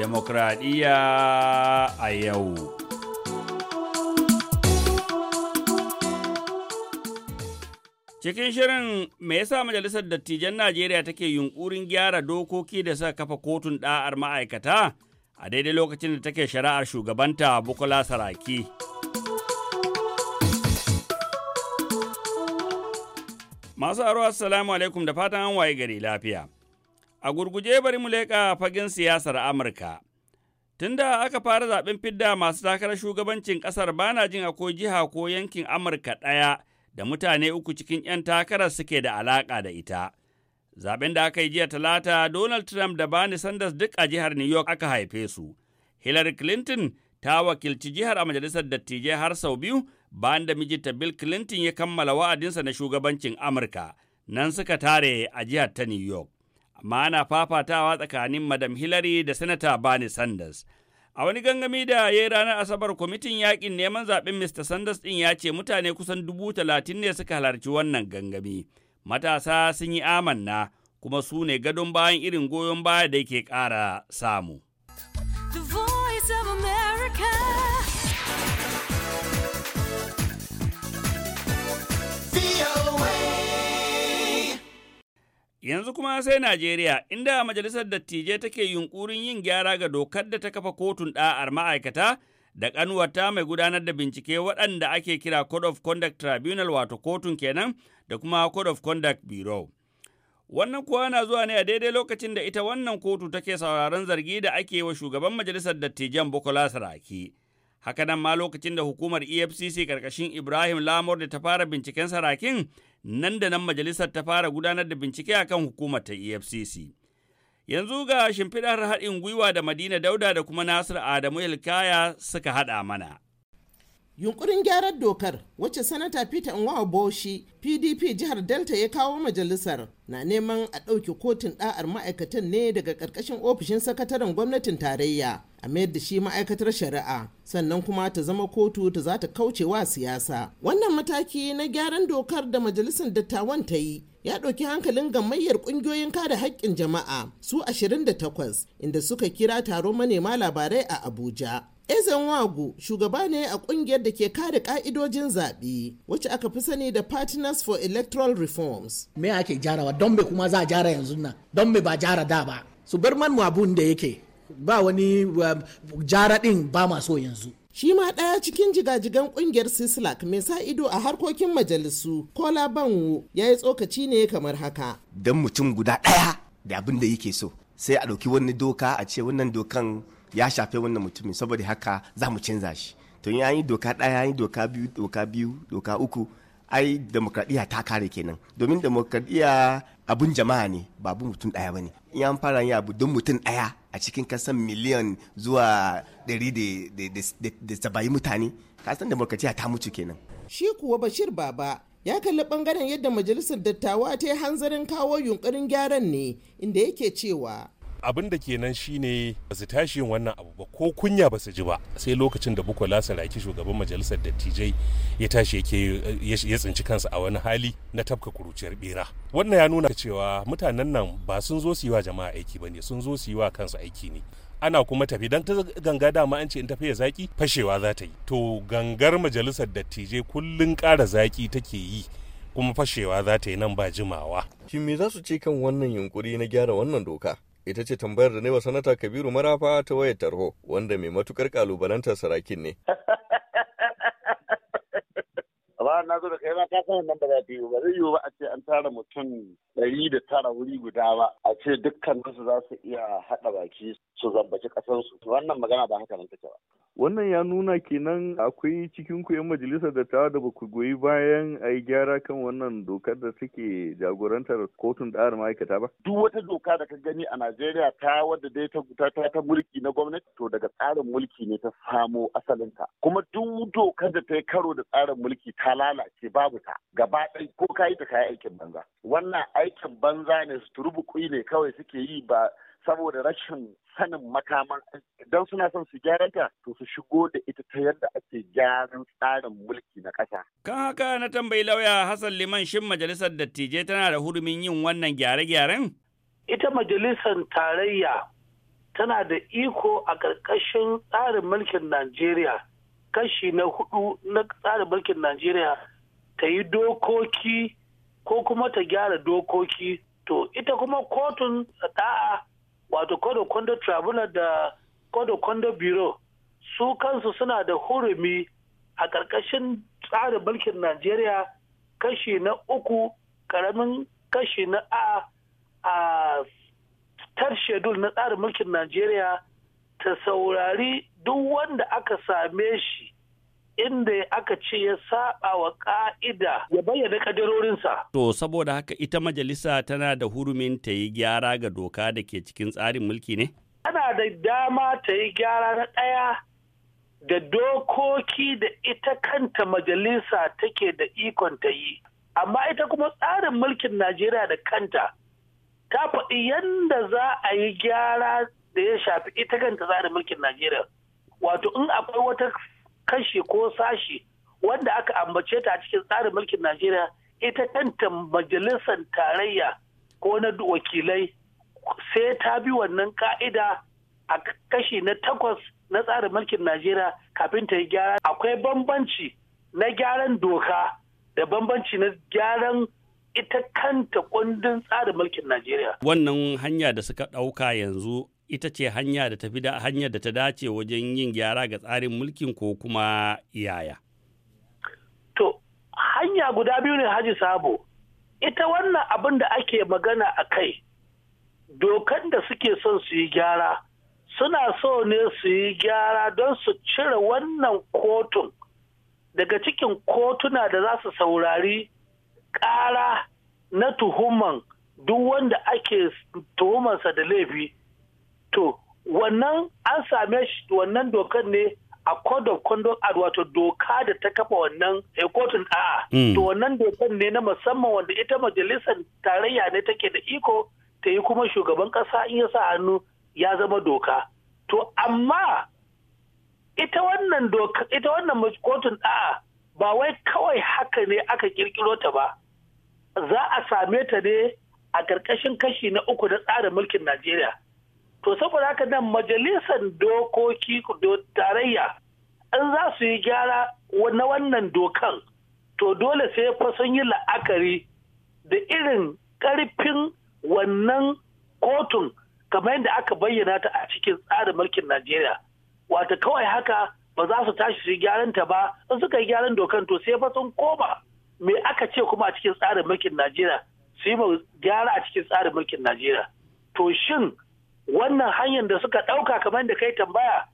demokradiyya a yau. Cikin shirin me yasa Majalisar Dattijan Najeriya take yunkurin gyara dokoki da suka kafa kotun ɗa'ar ma'aikata a daidai lokacin da take shari'ar shugabanta Bukola Saraki. Masu aro assalamu alaikum da fatan an waye gari lafiya. A gurguje bari mu leƙa fagen siyasar Amurka. Tunda aka fara zaɓen fidda masu takarar shugabancin ƙasar bana jin akwai jiha ko yankin Amurka ɗaya da mutane uku cikin 'yan takarar suke da alaƙa da ita. Zaɓen da aka yi jiya talata, Donald Trump da bani Sanders duk a jihar New York aka haife su. Hillary Clinton ta wakilci jihar a majalisar dattijai har sau biyu bayan da mijinta Bill Clinton ya kammala wa'adinsa na shugabancin Amurka. Nan suka tare a jihar ta New York. amma ana fafatawa tsakanin Madam Hillary da Sanata Bernie Sanders. A wani gangami da ya yi ranar Asabar kwamitin yaƙin neman zaɓen Mr. Sanders ɗin ya ce mutane kusan dubu talatin ne suka halarci wannan gangami. Matasa sun yi amanna kuma su ne gadon bayan irin goyon baya da yake ƙara samu. The voice of America. Yanzu kuma sai Najeriya, inda Majalisar Dattijai take yunkurin yin gyara ga dokar da ta kafa kotun ɗa'ar ma'aikata da ƙanuwata mai gudanar da bincike waɗanda ake kira Code of Conduct Tribunal wato kotun kenan da kuma Code of Conduct Bureau. Wannan kuwa na zuwa ne a daidai lokacin da ita wannan kotu take sauraron zargi da ake wa shugaban Majalisar Dattijan Bukola Saraki. haka nan ma lokacin da hukumar EFCC karkashin Ibrahim Lamor da ta fara binciken sarakin nan da nan majalisar ta fara gudanar da bincike akan hukumar ta EFCC. Yanzu ga shimfiɗar haɗin gwiwa da Madina Dauda da kuma Nasir Adamu Ilkaya suka haɗa mana. yunkurin gyaran dokar wacce sanata peter Nwaboshi, pdp jihar delta ya kawo majalisar na neman a ɗauke kotun ɗa'ar ma'aikatan ne daga ƙarƙashin ofishin sakataren gwamnatin tarayya a mayar da shi ma'aikatar shari'a sannan kuma ta zama kotu ta za ta kauce wa siyasa wannan mataki na gyaran dokar da majalisar dattawan ta yi ya ɗauki hankalin gamayyar ƙungiyoyin kare haƙƙin jama'a su 28 inda suka kira taro manema labarai a abuja Ezen Wagu shugaba ne a kungiyar da ke kare ka'idojin zaɓe wacce aka fi sani da Partners for Electoral Reforms. Me ake jarawa don me kuma za a jara yanzu nan don me ba jara da ba. Su bar man abun da yake ba wani jara ɗin ba maso yanzu. Shi ma ɗaya cikin jigajigan ƙungiyar Sislak mai sa ido a harkokin majalisu Kola Banwo ya yi tsokaci ne kamar haka. Don mutum guda ɗaya da abin da yake so sai a ɗauki wani doka a ce wannan dokan ya shafe wannan mutumin saboda haka za mu canza shi to ya yi doka ɗaya yi doka biyu doka biyu doka uku ai demokradiyya ta kare kenan domin demokradiyya abun jama'a ne ba abun mutum ɗaya bane in an fara yi abu don mutum ɗaya a cikin kasan miliyan zuwa ɗari da saba'in mutane kasan demokradiyya ta mutu kenan shi kuwa bashir baba ya kalli bangaren yadda majalisar dattawa ta yi hanzarin kawo yunkurin gyaran ne inda yake cewa abin da kenan shine ba su tashi yin wannan abu ba ko kunya ba su ji ba sai lokacin da bukola saraki shugaban majalisar dattijai ya tashi yake ya tsinci kansa a wani hali na tafka kuruciyar bera wannan ya nuna cewa mutanen nan ba sun zo su yi wa jama'a aiki ba ne sun zo su yi wa kansu aiki ne ana kuma tafi don ta ganga dama an ce in tafiya zaki fashewa za ta yi to gangar majalisar dattijai kullun ƙara zaki take yi kuma fashewa za ta yi nan ba jimawa. Shin me za su ce kan wannan yunkuri na gyara wannan doka? ita ce tambayar da ne wa sanata kabiru marafa ta wayar tarho wanda mai matukar kalubalantar sarakin ne ba na zo da kai ma ka san nan ba za ta yi ba zai yi ba a ce an tara mutum ɗari da tara wuri guda ba a ce dukkan su za su iya haɗa baki su zambaci ƙasarsu wannan magana ba haka nan take ba wannan ya nuna kenan akwai cikin ku 'yan majalisar da ta da baku goyi bayan a yi gyara kan wannan dokar da suke jagorantar kotun ɗarar ma'aikata ba duk wata doka da ka gani a najeriya ta wadda dai ta ta ta mulki na gwamnati to daga tsarin mulki ne ta samo asalinta kuma duk dokar da ta yi karo da tsarin mulki ta lalace babu ta gaba ɗaya ko ka yi ta kayi aikin banza wannan aikin banza ne su turbuƙi ne kawai suke yi ba saboda rashin sanin makaman don suna son su gyara ta to su shigo da ita ta yadda ake gyaran tsarin mulki na ƙasa. Kan haka na tambayi lauya Hassan Liman shin majalisar dattijai tana da hurumin yin wannan gyare-gyaren? Ita majalisar tarayya tana da iko a ƙarƙashin tsarin mulkin Najeriya kashi na hudu na tsarin mulkin Najeriya ta yi dokoki ko kuma ta gyara dokoki to ita kuma kotun da'a wato kodon kwando tribunal da code of biro su kansu suna da hurumi a ƙarƙashin tsarin mulkin najeriya kashi na uku ƙaramin kashi na a a tar shedul na tsarin mulkin najeriya ta saurari duk wanda aka same shi inda aka ce ya saba wa ka'ida ya bayyana kadarorinsa. To, saboda haka ita majalisa tana da hurumin ta yi gyara ga doka da ke cikin tsarin mulki ne? tana da dama ta yi gyara na ɗaya da dokoki da ita kanta majalisa take da ikon ta yi amma ita kuma tsarin mulkin najeriya da kanta ta faɗi yadda za a yi gyara da ya shafi ita kanta tsarin mulkin najeriya wato in akwai wata kashi ko sashi wanda aka ambace ta a cikin tsarin mulkin najeriya ita kanta majalisar tarayya ko na wakilai sai ta bi wannan ka'ida a kashi na takwas na tsarin mulkin najeriya kafin ta yi gyara akwai bambanci na gyaran doka da bambanci na gyaran ita kanta kundin tsarin mulkin najeriya wannan hanya da suka ɗauka yanzu ita ce hanya da fi da hanyar da ta dace wajen yin gyara ga tsarin mulkin ko kuma yaya to hanya guda biyu ne haji sabo ita wannan abin da ake magana a kai dokan da suke son su yi gyara suna so ne su yi gyara don su cire wannan kotun daga cikin kotuna da za su saurari ƙara na tuhuman duk wanda ake tuhumansa da laifi to wannan an same shi wannan dokan ne a code of conduct ad wato doka da ta kafa wannan a eh, kotun a'a hmm. to wannan dokan ne na musamman wanda ita majalisar tarayya ne take da iko ta yi kuma shugaban ƙasa in ya sa hannu ya zama doka to amma ita wannan doka ita wannan kotun da'a ba wai kawai haka ne aka ƙirƙiro ta ba za a same ta ne a ƙarƙashin kashi na uku na tsarin mulkin Najeriya. To saboda haka nan majalisar dokoki tarayya in za su yi gyara na wannan dokan to dole sai fa sun yi la'akari da irin ƙarfin wannan kotun kamar yadda aka bayyana ta a cikin tsarin mulkin Najeriya wata kawai haka ba za su tashi su gyaran ta ba in suka yi gyaran dokan to sai fa sun koma me aka ce kuma a cikin tsarin mulkin Najeriya su yi gyara a cikin tsarin mulkin Najeriya to shin wannan hanyar da suka ɗauka kamar da kai tambaya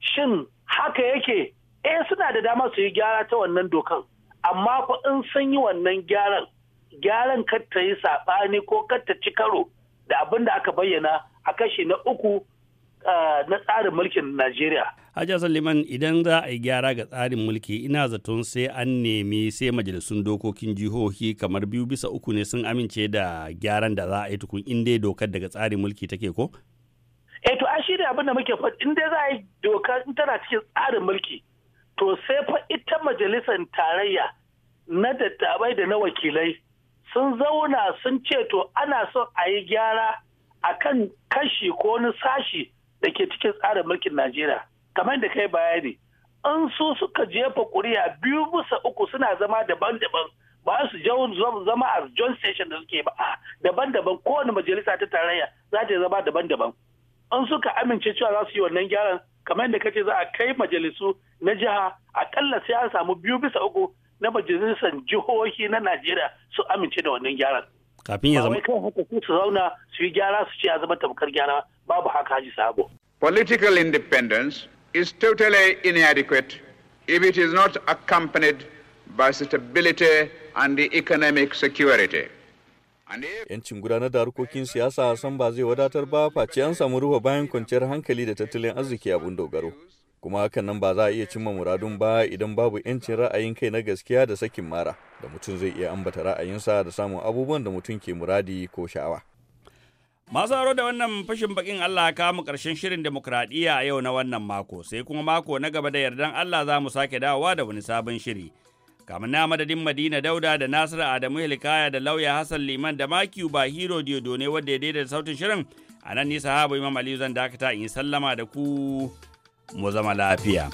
shin haka yake eh suna da dama su yi gyara ta wannan dokan amma fa in sun yi wannan gyaran gyaran kar ta yi saɓani ko kar ta ci karo da abin da aka bayyana a kashi na uku na tsarin mulkin Najeriya. Hajiya Suleiman idan za a yi gyara ga tsarin mulki ina zaton sai an nemi sai majalisun dokokin jihohi kamar biyu bisa uku ne sun amince da gyaran da za a yi tukun in dai dokar daga tsarin mulki take ko? Eh to a shi abin da muke faɗi in za a yi dokar in tana cikin tsarin mulki to sai fa ita majalisar tarayya na dattabai da na wakilai sun zauna sun ce to ana son a yi gyara a kan kashi ko wani sashi da ke cikin tsarin mulkin Najeriya. Kamar da kai bayani, in su suka jefa kuri'a biyu bisa uku suna zama daban-daban ba su zama a John Station da suke ba daban-daban kowane majalisa ta tarayya za ta zama daban-daban. In suka amince cewa za su yi wannan gyaran kamar da kace za a kai majalisu na jiha akalla sai an samu biyu bisa uku na majalisar jihohi na Najeriya su amince da wannan gyaran. Kafin ya zama. kan haka su zauna su yi gyara su ce a zama tamkar gyara babu haka haji sabo. Political independence is totally inadequate if it is not accompanied by stability and the economic security. Yancin gudanar da harkokin siyasa san ba zai wadatar ba face an samu ruwa bayan kwanciyar hankali da tattalin arziki abun dogaro. kuma hakan nan ba za a iya cimma muradun ba idan babu yancin ra'ayin kai na gaskiya da sakin mara da mutum zai iya ambata ra'ayinsa da samun abubuwan da mutum ke muradi ko sha'awa. Masu haro da wannan fashin bakin Allah ka mu karshen shirin demokradiyya a yau na wannan mako sai kuma mako na gaba da yardan Allah za mu sake dawowa da wani sabon shiri. Kamun na madadin Madina Dauda da Nasiru Adamu Hilkaya da Lauya Hassan Liman da Makiyu ba Hero Diodone wadda ya daidaita sautin shirin a nan nisa habu Imam Aliyu zan dakata in sallama da ku. mu zama lafiya.